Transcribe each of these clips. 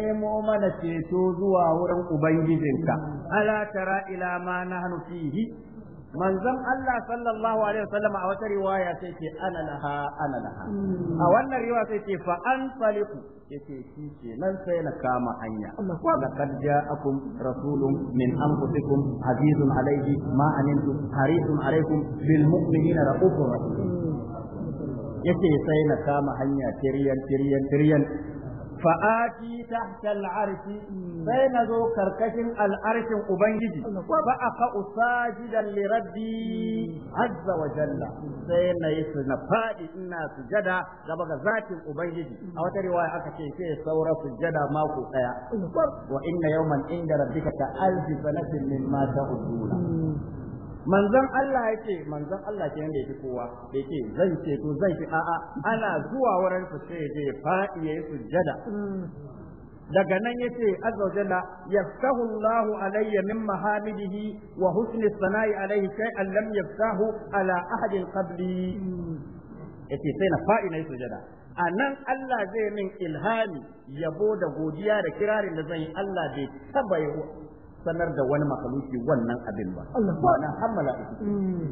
nemo mana ceto zuwa wurin ubangijinka ala tara ila ma na nahnu fihi manzon Allah sallallahu alaihi wasallam a wata riwaya sai ke ana laha ana laha a wannan riwaya sai ke fa'an faliku. Ya yace shi ce nan sai na kama hanya laqad ja'akum rasulun min anfusikum azizun alayhi ma anantum harisun alaykum bil na raufur rahim yace sai na kama hanya tiryan tiryan tiryan fa'ati tahta al'arshi sai na zo karkashin al'arshin ubangiji fa aqa usajidan li rabbi azza wa jalla sai na yi na fadi ina sujada gaba ga zatin ubangiji a wata riwaya aka ce sai saura sujada mako daya wa inna yawman inda rabbika ka alfi sanatin mimma ta'uduna manzon Allah ya ce manzon Allah ke yanda yake kowa ya ce zan ce to zan ce a'a ana zuwa wurin su sai je fa'i yayi sujjada daga nan yace azza wajalla yaftahu Allah alayya min mahamidihi wa husni sana'i alayhi shay'an lam yaftahu ala ahadin qabli yace sai na fa'i na sujada a nan Allah zai min ilhami yabo da godiya da kirarin da zan yi Allah bai taba sanar da wani makaluki wannan abin ba ma'ana hammala su hmm.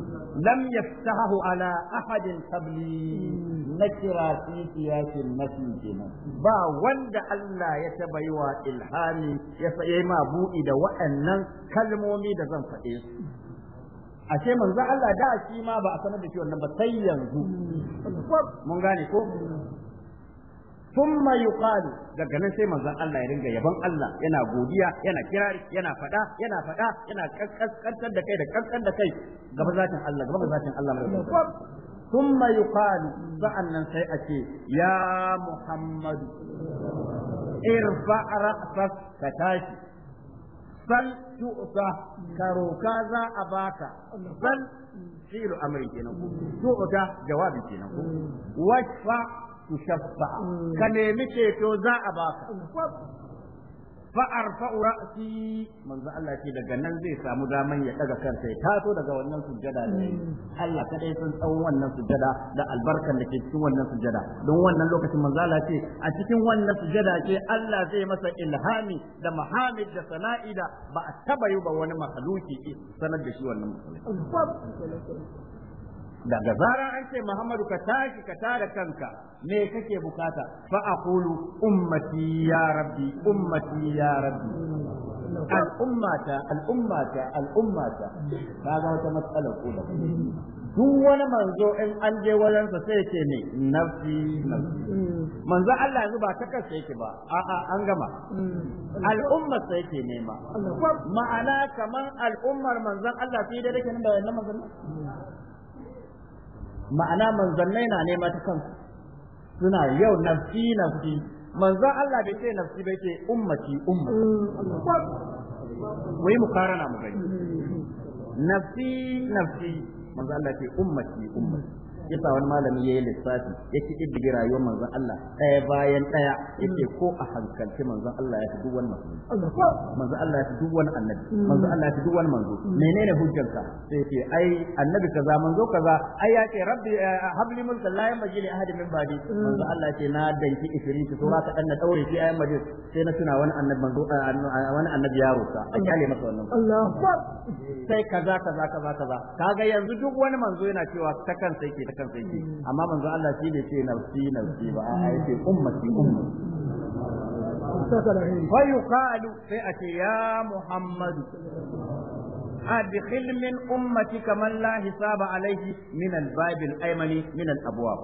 lam yaftahu ala ahadin qabli hmm. na fi siyasin nafi kenan ba wanda Allah ya taba yi wa ilhami ya sai ma buɗi da waɗannan kalmomi da zan faɗe su ashe manzo Allah da shi ma ba a sanar da shi wannan ba sai yanzu hmm. mun gane ko ثم يقال daga nan sai manzon Allah ya ringa yabon Allah yana godiya yana kirari yana fada yana fada yana kankantar da kai da kankan da kai gaba zatin Allah gaba zatin Allah mai ثم يقال nan sai ake ya Muhammadu, irfa ra'sak ka tashi sal tu'sa ka roka za a baka sal shiru amri kenan ku tu'sa jawabin kenan ku wasfa tushaffa ka nemi ceto za a baka fa'arfa ra'si manzo Allah ce daga nan zai samu daman ya daga kansa ya taso daga wannan sujjada da Allah kadai sun tsawon wannan sujjada da albarkan da ke cikin wannan sujjada don wannan lokacin manzo Allah ce a cikin wannan sujjada ce Allah zai masa ilhami da mahamid da sana'ida ba a taba yi ba wani mahaluki sanar da shi wannan daga zara an ce Muhammadu ka tashi ka tada kanka me kake bukata fa aqulu ummati ya rabbi ummati ya rabbi al'ummata al'ummata al'ummata kaga wata matsalar ko da duk wani manzo in an je wajensa sai ce ne nafsi nafsi manzo Allah yanzu ba ta sai ke ba a'a an gama al'ummar sai yake nema ma'ana kaman al'ummar manzon Allah sai dai dake nan da wannan manzon ma'ana manzannai na nema ta kansu suna yau nafsi nafsi manzan Allah bai ce nafsi bai ce ummati ummati wai karana mu gani mm. nafsi nafsi manzan Allah ce ummati ummati yasa wani malami yayi lissafi ya ci diddige rayuwar manzon Allah ɗaya bayan ɗaya yace ko a hankalci manzon Allah ya fi duk wani musulmi manzon Allah ya fi duk wani annabi manzon Allah ya fi duk wani manzo menene hujjarsa sai ce ai annabi kaza manzo kaza ai ya ce rabbi eh, habli mulkan la yanbaghi li ahadin min ba'di manzon Allah ce na danki ifirin ki sura ka danna daure shi ayan majid sai na tuna wani annabi manzo eh, eh, wani annabi yaro sa a kyale masa wannan Allahu akbar sai kaza kaza kaza kaza kaga yanzu duk wani manzo yana cewa ta kan kansa yake kansa yake amma manzo Allah shi bai ce nafsi nafsi ba a yake ummati ummati fa yuqalu sai a ce ya muhammadu أدخل من أمتك من لا حساب عليه من الباب الأيمن من الأبواب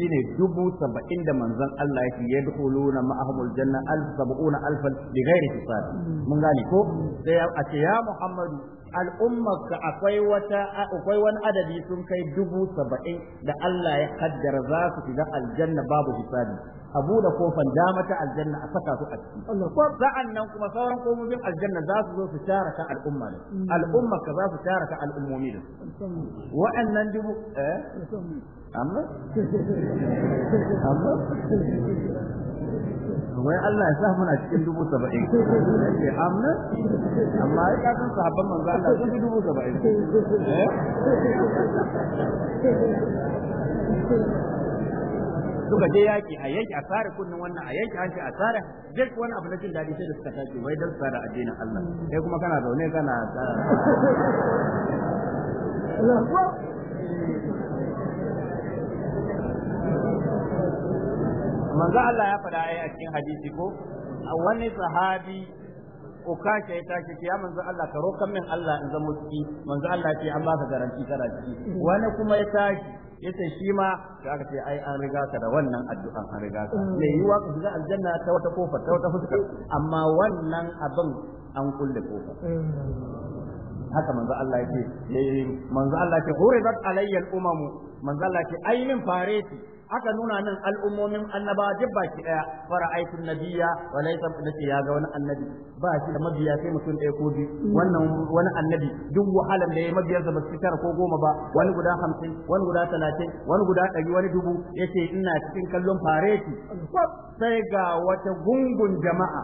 جيني جبو سبعين منزل الله يدخلون معهم الجنة ألف سبعون ألفا بغير حساب من ذلك يا محمد al'ummarka akwai wata akwai wani adadi sun kai dubu saba'in da Allah ya kaddara za su shiga aljanna babu hisabi a bude kofan dama ta aljanna a saka su a ciki sa'an nan kuma sauran komomin aljanna za su zo su ka al'umma ne al'umma ka za su ka al'ummomi ne wa'annan dubu eh amma amma wai Allah ya sa muna cikin dubu saba'in ke amna amma ya kasan sahabban manzo Allah sun fi dubu saba'in suka je yaki a yanki a tsara kunnin wannan a yanki hanci a tsare duk wani abu na jin daɗi sai da suka tashi wai dan tsara addinin Allah sai kuma kana zaune kana manzo Allah ya faɗa a cikin hadisi ko a wani sahabi ce ta ce ya manzo Allah ka roƙa min Allah in zama ciki manzo Allah ya ce an ba ka garanti kana ciki wani kuma ya tashi yace shi ma da aka ce ai an riga ka da wannan addu'an an riga ka mm. me yiwa ka shiga aljanna ta wata kofa ta wata fuska amma wannan abin an kulle kofa mm. haka manzo Allah yake eh, manzo Allah yake huridat alayya al-umam manzo Allah yake ainin fareti aka nuna nan al'ummomin annaba duk baki fara fara'aitu nabiyya wa laysa nace ya ga wani annabi ba shi da mabiya sai mutum ɗaya ko biyu wannan wani annabi duk wahalan da ya mabiyarsa da su tara ko goma ba wani guda hamsin wani guda talatin wani guda ɗari wani dubu yace ina cikin kallon fareti sai ga wata gungun jama'a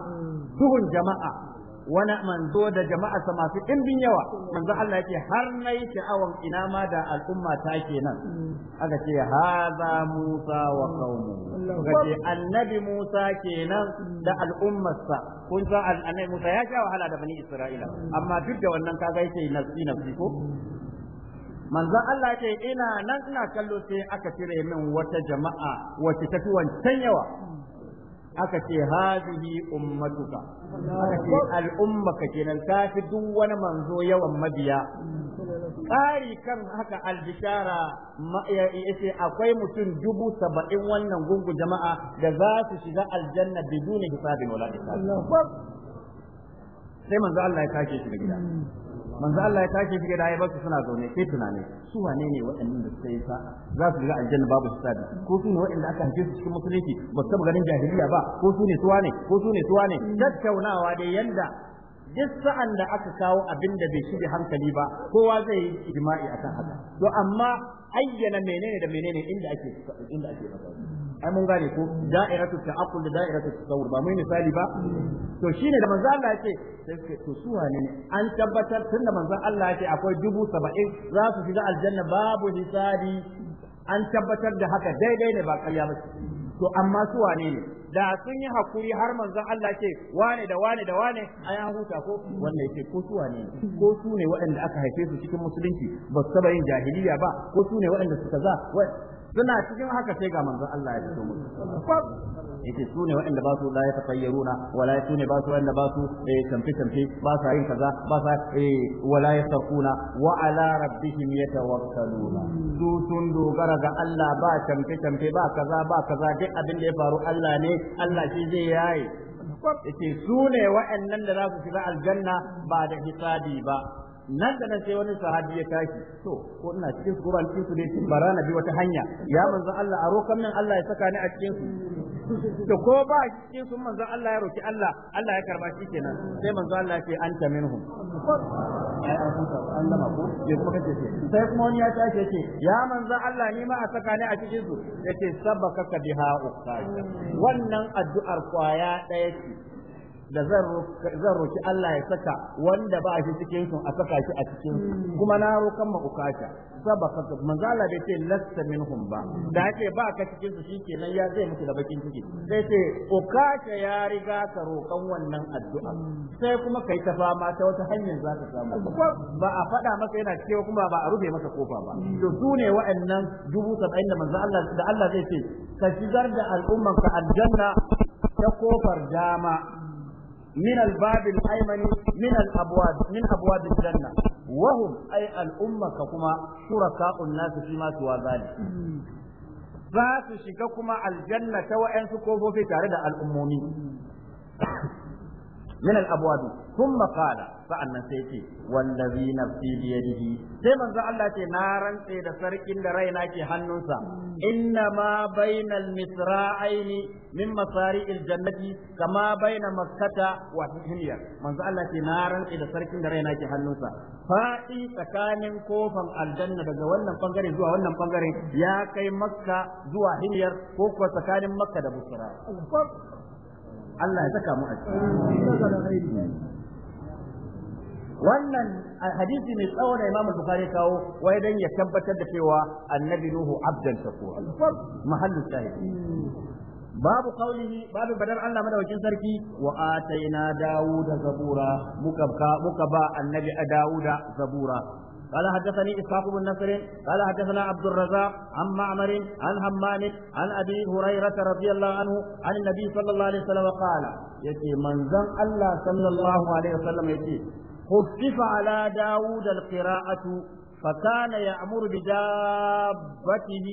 duhun jama'a wani manzo da jama'arsa masu ɗimbin yawa manzo Allah yake har na yi sha'awan ina ma da al'umma ta kenan mm. aka ce haza Musa wa qaumi aka ce annabi Musa kenan mm. da al'ummarsa kun san annabi Musa ya sha wahala da bani Isra'ila mm. amma duk da wannan kaga yake nafsi nafsi ko manzon Allah ce ina nan ina kallo sai aka cire min wata jama'a wacce ta fi wancan yawa aka ce hadhihi ummatuka aka ce al'umma ka kenan ta fi duk wani manzo yawan mabiya ƙari kan haka albishara yace akwai mutum dubu saba'in wannan gungun jama'a da za su shiga aljanna biduni hisabin wala hisab sai manzo Allah ya kashe shi da gida hmm. manzo Allah ya tashi fike da ya basu suna zaune sai tunani su wane ne waɗannan da suka yi sa za su ga aljanna babu sadi ko su ne waɗanda aka haife su cikin musulunci ba su taɓa ganin jahiliya ba ko su ne su wane? ko su ne su wane tattaunawa da yanda duk sa'an da aka kawo abin da bai shige hankali ba kowa zai yi ijma'i akan haka to amma ayyana menene da menene inda ake inda ake magana ai mun gane ko da'iratu ta'aqqul da da'iratu tasawur ba mai misali ba to shine da manzo Allah yake sai to su wane ne an tabbatar tun da manzo Allah yake akwai dubu saba'in za su shiga aljanna babu hisabi an tabbatar da haka daidai ne ba ƙarya ba to amma su wane ne da sun yi hakuri har manzon Allah ke wane da wane da wane a ya huta ko wannan yake ko su wane ko su ne waɗanda aka haife su cikin musulunci ba su taba yin jahiliya ba ko su ne waɗanda suka za suna cikin haka sai ga manzon Allah ya fito musu yace su ne waɗanda ba su la ya tafayyaruna wala su ne ba su waɗanda ba su tamfi eh, tamfi ba sa yin kaza ba sa eh, wala ya sarkuna wa ala rabbihim yatawakkaluna su sun dogara ga Allah ba tamfi tamfi ba kaza ba kaza duk abin da ya faru Allah ne Allah shi zai yayi yace su ne waɗannan da za su shiga aljanna ba da hisabi ba nan da nan sai wani sahabi ya tashi to ko ina cikin su goban cikin su dai cin bara na bi wata hanya ya manzo Allah a rokan nan Allah ya saka ni a cikin su to ko ba cikin su manzo Allah ya roki Allah Allah ya karba shi kenan sai manzo Allah ya ce anta minhum an ko ya kuma ce sai kuma wani ya tashi ce ya manzo Allah ni ma a saka ni a cikin su yace sabbaka ka biha ukka wannan addu'ar kwaya daya ce da zan roki Allah ya saka wanda ba shi cikin su a saka shi a cikin mm. kuma na rokan ma ukata sabaka manzala da ce lasta minhum ba mm. da ake ba ka cikin su shikenan ya zai mutu da bakin ciki sai ce ukata ya riga ka rokan wannan addu'a mm. sai kuma kai ta fama ta wata hanyar za ka samu ba a faɗa maka yana cewa kuma ba a rufe maka kofa ba to su ne wa'annan dubu saba'in da manzo Allah da Allah zai ce ka shigar da al'umman ka aljanna ta kofar dama من الباب الأيمن من الأبواب من أبواب الجنة وهم أي الأمة كما شركاء الناس فيما سوى ذلك فاتوا شككما الجنة وإن سكوفوا في تارد الأمومين من الأبواب ثم قال sa'annan sai ce wallazi nafsi bi yadihi sai manzo Allah ce na rantse da sarkin da raina ke hannunsa inna ma bainal misra'aini min masari'il jannati kama baina makkata wa hiya manzo Allah ce na rantse da sarkin da raina ke hannunsa fa'i tsakanin kofan aljanna daga wannan bangare zuwa wannan bangare ya kai makka zuwa hinyar ko kuwa tsakanin makka da busra Allah ya saka mu a ciki wannan hadisi mai tsawo da Imam Bukhari kawo wai dan ya tabbatar da cewa annabi Nuhu abdan shakur mahallu shahid babu qaulihi babu badar Allah madaukin sarki wa ataina Dawuda zabura muka muka ba annabi Dawuda zabura قال حدثني إسحاق بن نصر قال حدثنا عبد الرزاق عن معمر عن همام عن أبي هريرة رضي الله عنه عن النبي صلى الله عليه وسلم قال يتي من زن الله صلى الله عليه وسلم يتي خفف على داود القراءة فكان يأمر بدابته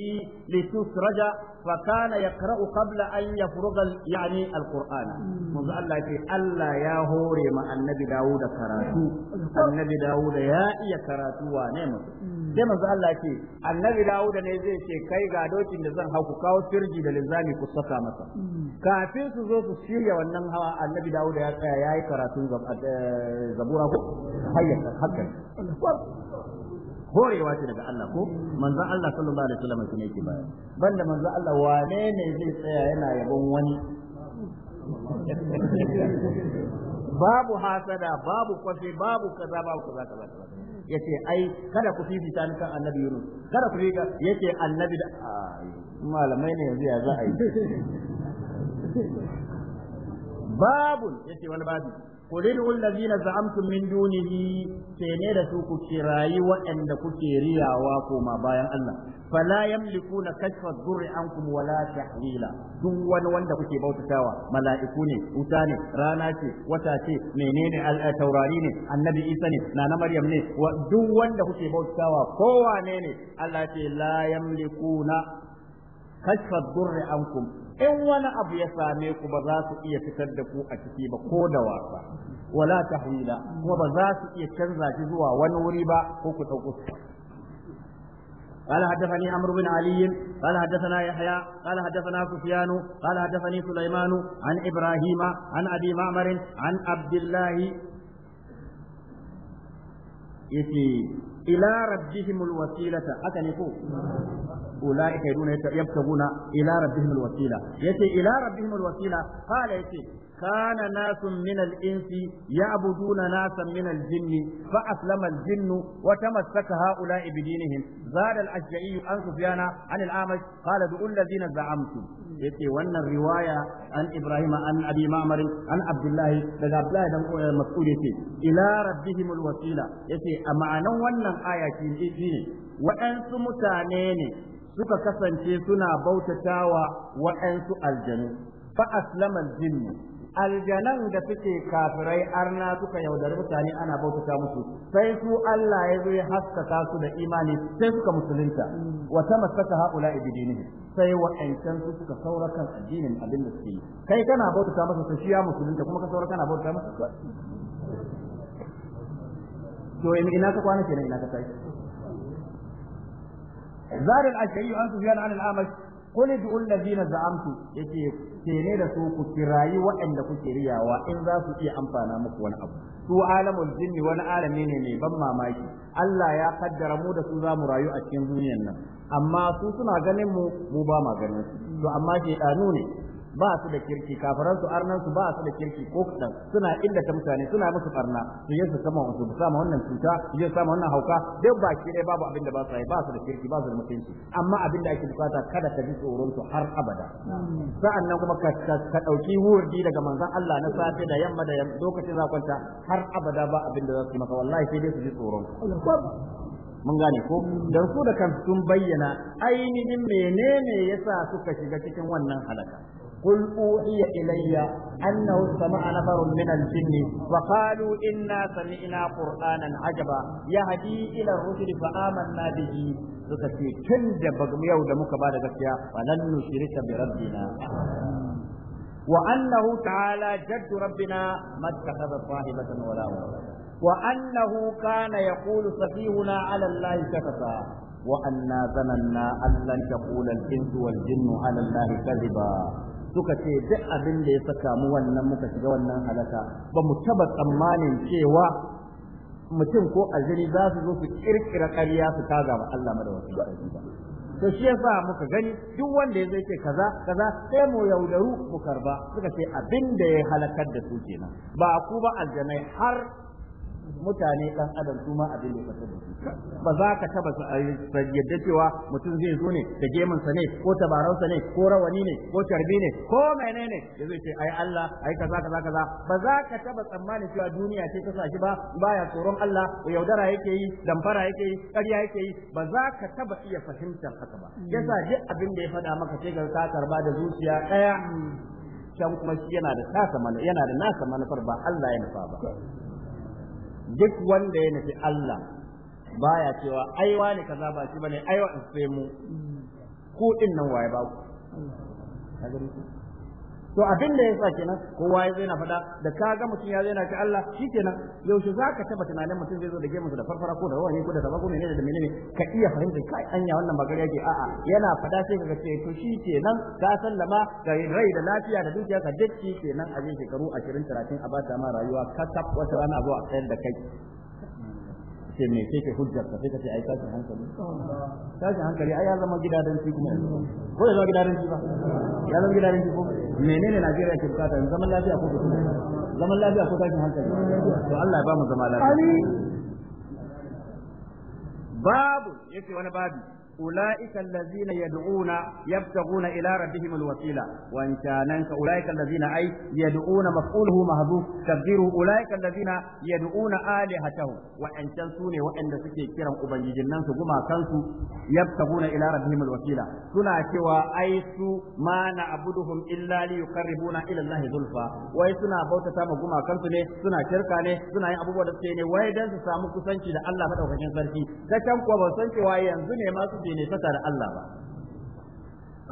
لتسرج فكان يقرأ قبل أن يفرغ يعني القرآن منذ الله يقول ألا يا هوري مع النبي داود كراتو النبي داود يا إيا كراتو ونعمة sai manzo Allah ce annabi Dawuda ne zai ce kai ga dokin da zan hau ku kawo firji da linzami ku saka masa kafin su zo su shirya wannan hawa annabi Dawuda ya tsaya yayi karatun eh, zabura ko hayya hakka horewa ce daga Allah ko manzo Allah sallallahu alaihi wasallam ne ke bayani banda manzo Allah wane ne zai tsaya yana yabon wani babu hasada babu kwafi babu kaza babu kaza kaza ce ai kada ku fifi ta kan annabi Yunus kada ku fifita yace annabi da malamai ne yanzu ya za a yi babun yace wani babu قل ادعوا za'amtu min dunihi دونه ne da su ku kirayi waɗanda kuke riyawa koma bayan Allah fala yamlikuna kashfa dhurri ankum wala tahwila duk wani wanda kuke bautatawa mala'iku ne wuta ne rana ce wata ce menene eh, taurari ne annabi isa ne nana maryam ne duk wanda kuke bautatawa kowane ne Allah ce la yamlikuna kashfa dhurri ankum in wani abu ya same ku ba za su iya fitar da ku a ciki ba ko da wasa wala tahwila kuma ba za su iya canza shi zuwa wani wuri ba ko ku ɗauko قال حدثني عمرو بن علي قال حدثنا يحيى قال حدثنا سفيان قال حدثني سليمان عن ابراهيم عن ابي معمر عن عبد الله يتي إلى ربهم الوسيلة أتنفوا أولئك يدون يبتغون إلى ربهم الوسيلة يتي إلى ربهم الوسيلة قال يتي kana nasun min al-insi ya'buduna nasan min al-jinni fa aslama jinnu wata tamassaka ha'ula'i bi dinihim zada al-ashja'i an sufyana an al-amash qala bi alladhina za'amtum yace wannan riwaya an ibrahim an abi ma'mar an abdullah daga abdullah dan eh, mas'ud yace ila rabbihim al-wasila yace a ma'anan wannan ayaki, ce ne waɗansu mutane ne suka kasance suna wa waɗansu aljanu fa aslama aljinnu aljanan da suke kafirai arna suka yaudari mutane ana bautata musu sai su Allah ya zo ya haskaka su da imani sai suka musulunta wa tamassaka haula ibidinihi sai ayyukan su suka saura kan addinin abin da suke kai kana bautata musu sai shi ya musulunta kuma ka saura kana bautata musu to in ina ka kwana kenan ina ka Zarin زاد an عن سفيان عن الأعمش qul du'ul ladina za'amtu ke ne da su ku kirayi waɗanda kuke riyawa in za su iya amfana muku wani abu su alamul jinni wani alami ne mai ban mamaki Allah ya kaddara mu da su za mu rayu a cikin duniyar nan amma su suna ganin mu mu ba ma su to amma shedanu ne ba su da kirki kafaran su arnan su ba su da kirki ko kadan suna inda ta mutane suna musu barna su yi su sama su sama wannan cuta su yi sama wannan hauka duk shi dai babu abin da ba su yi ba su da kirki ba su da mutunci amma abin da ake bukata kada ka ji tsoron su har abada nan kuma ka ka dauki wurdi daga manzon Allah na safe da yamma da lokacin zakwanta har abada ba abin da za su maka wallahi sai dai su ji tsoron mun gane ko dan su da kan sun bayyana ainihin menene yasa suka shiga cikin wannan halaka قل أوحي إلي أنه استمع نفر من الجن وقالوا إنا سمعنا قرآنا عجبا يهدي إلى الرشد فآمنا به سكتي كند بغم يود مكبار ذكيا ولن نشرك بربنا وأنه تعالى جد ربنا ما اتخذ صاحبة ولا ولدا وأنه كان يقول سفيهنا على الله كفتا وأنا ظننا أن لن تقول الإنس والجن على الله كذبا suka ce duk abin da ya saka mu wannan muka shiga wannan halaka ba mu taba tsammanin cewa mutum ko aljani za su zo su kirkira ƙarya su kaga ba Allah wasu ƙarfi ba to shi yasa muka gani duk wanda ya zai ce kaza kaza sai mu yaudaru mu karba suka ce abin da ya halakar da su kenan ba ku ba aljanai har mutane ɗan adam su ma abin da da su ba za ka taba yadda cewa mutum zai zo ne da gemun ne ko tabarau ne ko rawani ne ko tarbi ne ko menene ya zai ce ai Allah ai kaza kaza kaza ba za ka taba tsammanin cewa duniya ce ta sashi ba baya tsoron Allah yaudara yake yi damfara yake yi ƙarya yake yi ba za ka taba iya fahimtar haka ba yasa duk abin da ya faɗa maka sai ga ka karba da zuciya ɗaya can kuma shi yana da nasa manufar ba Allah ya nufa ba duk wanda ya nufi Allah baya cewa ai wani kaza ba shi bane ai wa sai mu ku din nan waye ba ku to abin da yasa kenan kowa ya zaina fada da ka ga mutum ya zaina ka Allah shi shikenan yaushe zaka taba tunanin mutum zai zo da gemu da farfara ko da rawani ko da tabago ne da menene ka iya fahimta kai anya wannan ba yake a'a yana fada sai kaga ce to shikenan ka sallama ga rai da lafiya da dukiya ka dukki kenan a shekaru 20 30 a ba ma rayuwa kasaf wata rana zuwa a tsayar da kai ce me sai ke hujjar ka sai ka ce ai tashin hankali tashin hankali ai ya zama gidadanci kuma ko ya zama gidadanci ba ya zama gidadanci ko menene Najeriya ke bukata zaman lafiya ko kuma zaman lafiya ko tashin hankali to Allah ya ba mu zama lafiya babu yace wani babu أولئك الذين يدعون يبتغون إلى ربهم الوسيلة وإن كان أولئك الذين أي يدعون مفعوله مهذوف تبديره أولئك الذين يدعون آلهتهم وإن كان سوني وإن سكي كرم أبنجي جنان سجما كانسو يبتغون إلى ربهم الوسيلة سنا كوا أيس ما نعبدهم إلا ليقربونا إلى الله زلفى وإن سنا بوتا تام جما كانسو ne suna kirka ne suna yin abubuwa da suke ne wai dan su samu kusanci da Allah madaukakin sarki da can kuwa ba san cewa yanzu ne ma su ne ta da Allah ba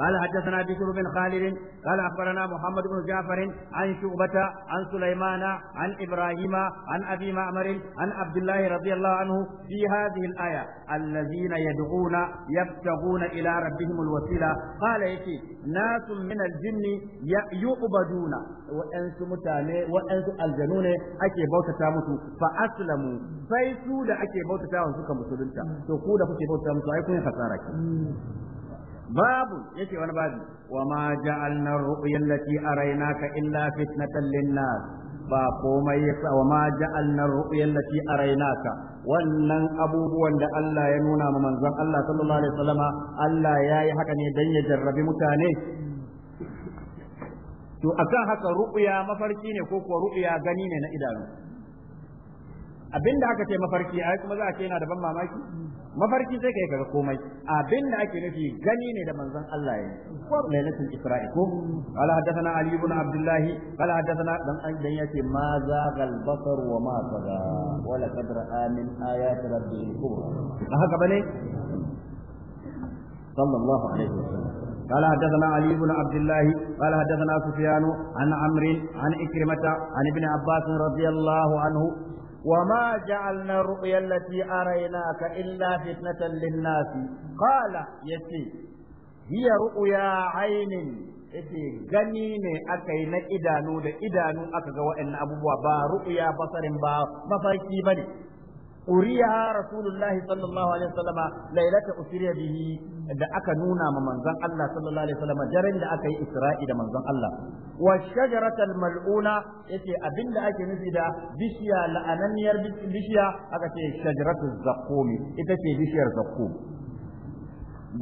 قال حدثنا بشر بن خالد قال أخبرنا محمد بن جعفر عن شعبة عن سليمان عن إبراهيم عن أبي معمر عن عبد الله رضي الله عنه في هذه الآية الذين يدعون يبتغون إلى ربهم الوسيلة قال يكي ناس من الجن يعبدون وأنس متاني وأنس الجنون أكي بوتا تامسو فأسلموا فيسود أكي بوتا تامسو كمسلمتا تقول أكي بوتا تامسو أيكم خسارك babu يتي wani babu wa ma الرؤيا التي اريناك الا فتنه illa fitnatan lin وما ba komai التي wa ma wannan abubuwan da Allah ya nuna ma manzon Allah sallallahu alaihi wasallama Allah ya yi haka ne dan ya jarrabi mutane to akan haka ru'ya mafarki ne ko kuwa ru'ya gani ne na idanu abinda aka ce mafarki ai kuma za a ce yana da ban mamaki mafarki sai kai kaga komai abin da ake nufi gani ne da manzon Allah ya yi lailatul isra'i ko qala hadathana ali ibn abdullah qala hadathana dan an dan yace ma za gal basar wa ma saga wala qadra amin ayat rabbil kubra haka bane sallallahu alaihi wasallam قال حدثنا علي بن عبد الله قال حدثنا سفيان عن عمرو عن إكرمة عن ابن عباس رضي الله عنه وما جعلنا الرؤيا التي أريناك إلا فتنة للناس قال يتي هي رؤيا عين yace gani ne aka yi na idanu da idanu aka ga waɗannan abubuwa ba ru'uya basarin ba mafarki ba ne uriya rasulullahi sallallahu alaihi wasallama lailata usriya bihi da aka nuna ma manzon Allah sallallahu alaihi wasallama daren da aka yi Isra'i da manzon Allah wa shajaratal mal'una yace abinda ake nufi da bishiya la'ananniyar bishiya aka ce shajaratul zaqqum ita ce bishiyar zakko.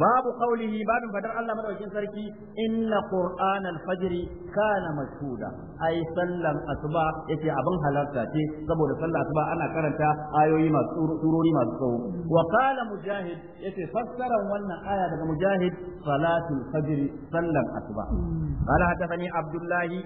babu qaulihi babin fadar Allah madaukin sarki inna qur'an fajiri fajr kana mashhuda ai sallan asuba yake abin halarta ce saboda sallan asuba ana karanta ayoyi masu surori masu tsawo Wakala mujahid yace fassaran wannan aya daga mujahid salatul fajiri sallan asuba qala hadathani abdullahi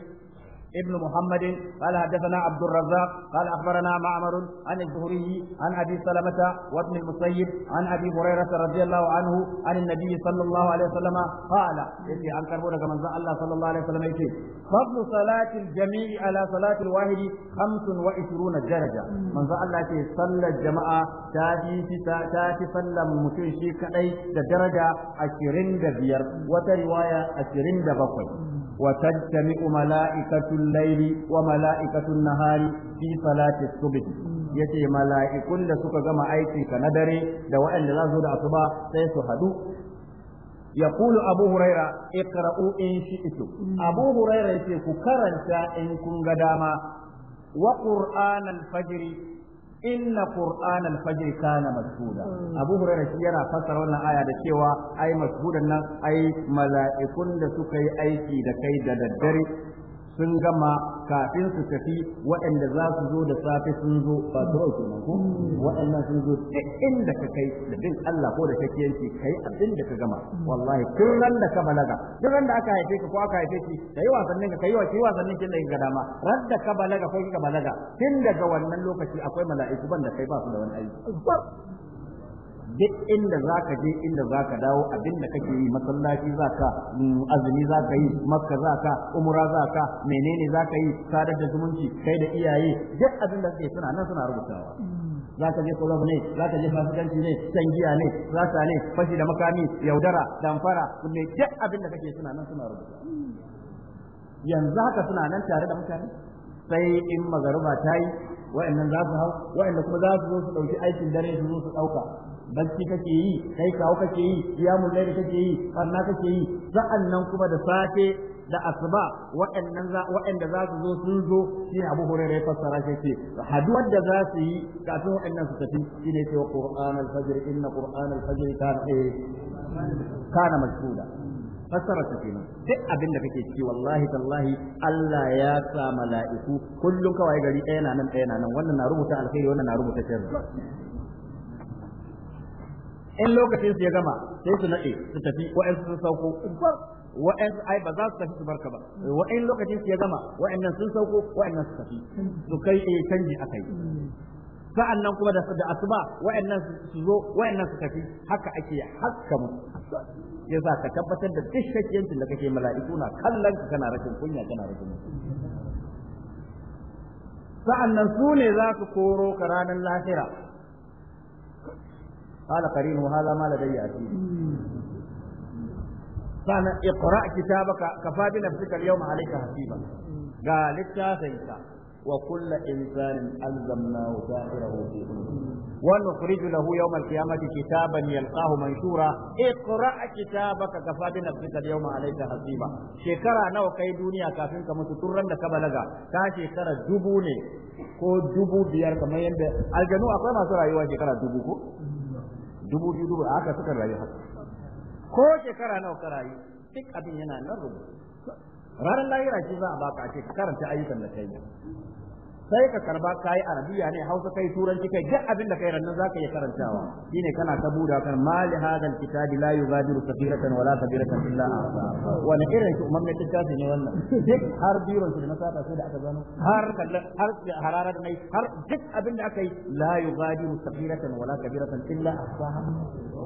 ابن محمد قال حدثنا عبد الرزاق قال اخبرنا معمر عن الزهري عن ابي سلمه وابن المسيب عن ابي هريره رضي الله عنه عن النبي صلى الله عليه وسلم قال يتي ان كربو daga manzon Allah sallallahu alaihi wasallam yake fadlu salati al-jami' ala salati al-wahid 25 daraja manzon Allah yake sallar jama'a ta fi ta fi sallan mutum shi kadai da daraja 25 wata riwaya 27 wa tajtami'u mala'ikatu الليل وملائكة النهار في صلاة الصبح yace mala'ikun da suka gama aiki ka na dare da wa'anda za su da asuba sai su hadu يقول أبو هريرة اقرأوا إن شئتم أبو هريرة يقول كرنتا إن كن قداما وقرآن الفجر inna qur'an al-fajr kana mashhuda abu huraira shi yana fassara wannan aya da cewa ai mashhudan nan ai mala'ikun da suka yi aiki da kai da daddare sun gama kafin su tafi waɗanda za su zo da safe sun zo ba su rauke nan ko waɗannan sun zo duk inda ka kai da bin Allah ko da shakiyanci kai abin da ka gama wallahi tun nan da ka balaga tun ran da aka haife ka ko aka haife ki kai wasannin ka kai wa ki wasannin kin da kika dama ran da ka balaga ko kika balaga tun daga wannan lokaci akwai mala'iku ban da kai ba su da wani aiki duk inda za ka je inda za ka dawo abin da kake yi masallaci za ka mm, azumi za ka yi makka za ka umura za ka menene za ka yi sadar da zumunci kai da iyaye duk abin da suke suna nan suna rubutawa za ka je kulob ne za ka je fasikanci ne shan ne rasa ne fashi da makami yaudara damfara ne duk abin da kake suna nan suna rubutawa yanzu haka suna nan tare da mutane sai in magaruba ta yi wa'annan za su hau wa'anda kuma za su zo su ɗauki aikin dare su zo su ɗauka bacci kake yi kai kawo kake yi iyamul laili kake yi farna kake yi nan kuma da safe da asuba waɗannan waɗanda za su zo sun zo shi Abu Hurairah ya fassara shi ce haduwar da za su yi kafin waɗannan su tafi shi ne cewa Qur'an al-Fajr inna Qur'an al-Fajr kana eh kana mashhuda fassara ta kenan duk abin da kake ciki wallahi tallahi Allah ya sa mala'iku kullum kawai gari ɗaya na nan ɗaya na nan wannan na rubuta alkhairi wannan na rubuta sharri in lokacin su ya gama sai su nade su tafi wa'ansu sun sauko wa'ansu ai ba za su tafi su barka ba wa'in lokacin su ya gama wa'annan sun sauko wa'annan su tafi su kai eh, canji akai sa'an nan kuma da asuba wa'annan su zo wa'annan su tafi haka ake haska mu ya za ka tabbatar da duk shakkiyancin da kake mala'iku na kallon ka kana rashin kunya kana rashin sa'an nan su ne za su koro ka ranar lahira qala qarinu hadha ma ladayya atid sana iqra kitabaka kafa bi nafsika al-yawma alayka hasiba ga littafinka وكل إنسان ألزمناه دائره في ونخرج له يوم القيامة كتابا يلقاه منشورا اقرأ كتابك كفى بنفسك اليوم عليك حسيبا شكرا نو كي دنيا كافين كما تترن لك بلغا تا شكرا دبوني ko dubu biyar kamar yadda aljanu akwai masu rayuwa shekara dubu ko dubu biyu dubu haka suka rayu haka ko shekara nawa ka rayu duk abin yana nan rubutu ranar lahira ce za a baka a ce karanta ayyukan da kai sai ka karba kai arabiya ne hausa kai turanci kai duk abin da kai rannan zaka iya karantawa shine kana ta buda kan mali hadal kitabi la yugadiru kabiratan wala kabiratan illa wani irin shi umman mai tafi ne wannan duk har biron su na saka sai da aka gano. har kallan har harara da mai har duk abin da aka yi la yugadiru kabiratan wala kabiratan illa ahsaha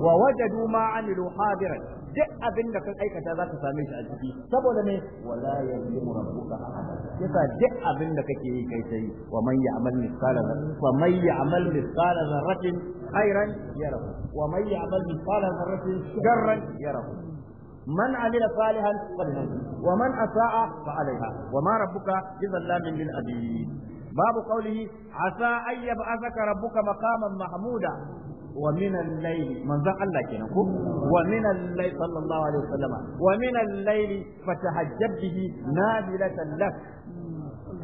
wa wajadu ma amilu hadira, duk abin da kan aikata za ka same shi a ciki saboda me wala yazlimu rabbuka ahada yasa duk abin da kake yi kai sai wa man ya'mal mithqala wa man ya'mal mithqala dharratin khairan yarahu wa man ya'mal mithqala dharratin sharran yarahu من عمل صالحا فلنفسه ومن اساء فعليها وما ربك بظلام للعبيد باب قوله عسى ان يبعثك ربك مقاما محمودا wa min al-layli Allah kenan ko wa min al-layli sallallahu alaihi wa min al-layli fatahajjab bihi nabilatan lak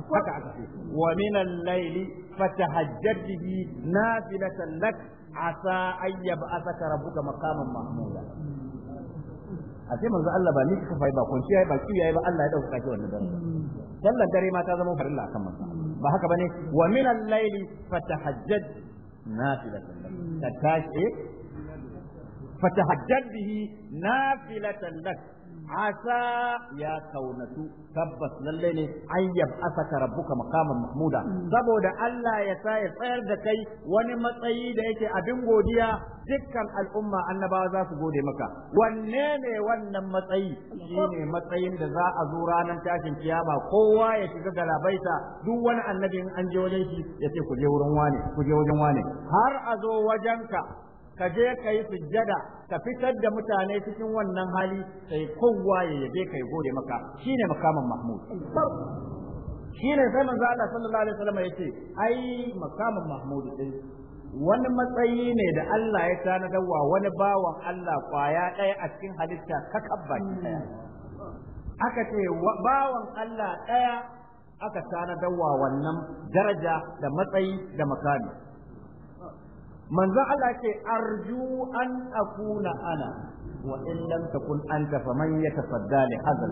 haka aka ce wa min al-layli fatahajjab bihi nabilatan lak asa an yab'athaka rabbuka maqaman mahmuda a ce manzo Allah ba ni ka ba ba ba Allah ya dauka ma ta zama ba haka bane wa min al-layli fatahajjad نافلة لك تكاش فتهجد به نافلة لك asa ya kaunatu tabbas lallai ne an ka rabbuka maqaman mahmuda saboda Allah ya sa ya tsayar da kai wani matsayi da yake abin godiya dukkan al'umma annabawa za su gode maka wanne ne wannan matsayi shine matsayin da za a zo ranar tashin kiyama kowa ya shiga galabaita duk wani annabi in an je wajen shi ya ce ku je wurin wane ku je wajen wane har a zo wajenka ka je ka yi sujjada ka fitar da mutane cikin wannan hali sai kowa ya yabe ka ya gode maka shine makamin mahmud shine sai manzo Allah sallallahu alaihi wasallam yace ai makamin mahmud din wani matsayi ne da Allah ya wa wani bawan Allah kwaya ɗaya a cikin halitta ka ɗaya aka ce bawan Allah ɗaya aka wa wannan daraja da matsayi da makami manzon Allah ce arju an akuna ana wa in lam takun anta faman yatasadda li hadha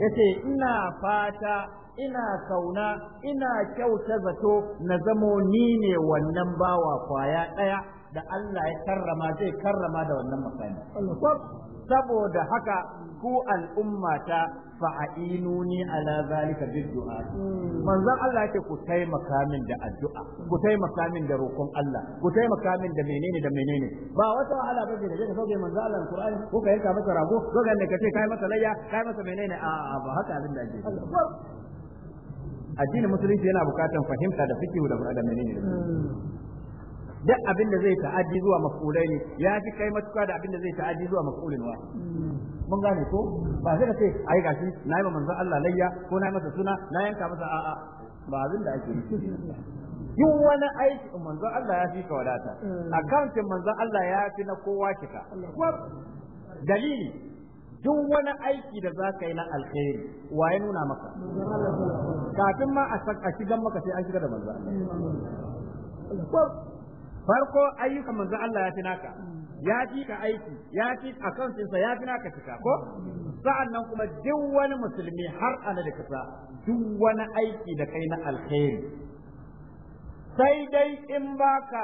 yace ina fata ina kauna ina kyauta zato na zamo ni ne wannan bawa kwaya daya da Allah ya karrama zai karrama da wannan makami saboda haka ku al'ummata fa'inuni ala zalika biddu'a manzon Allah yake ku taimaka min da addu'a ku taimaka min da roƙon Allah ku taimaka min da menene da menene ba wata wahala ba bace da ka sauke manzon Allah Qur'ani ko kai ka yanka masa rago ko ga ne kace kai masa layya kai masa menene a ba haka abin da ake addinin musulunci yana bukatan fahimta da fikihu da menene duk abin da zai ta'addi zuwa maf'ulai ne ya fi kai matuka da abin da zai ta'addi zuwa maf'ulin wa mun gane ko ba sai ka ce yi gashi na yi manzon Allah layya ko na yi masa suna na yanka masa a'a ba abin da ake yi wani aiki manzon Allah ya fi ka wadata akauntin manzon Allah ya fi na kowa kika dalili duk wani aiki da za ka yi na alkhairi wa ya nuna maka kafin ma a shigar maka sai an shigar da manzon Allah farko ayyukan manzon Allah ya fi naka ya fi ka aiki ya fi kan ya fi naka cika ko nan kuma duk wani musulmi har ana da kasa duk wani aiki da kai na alkhairi sai dai in ba ka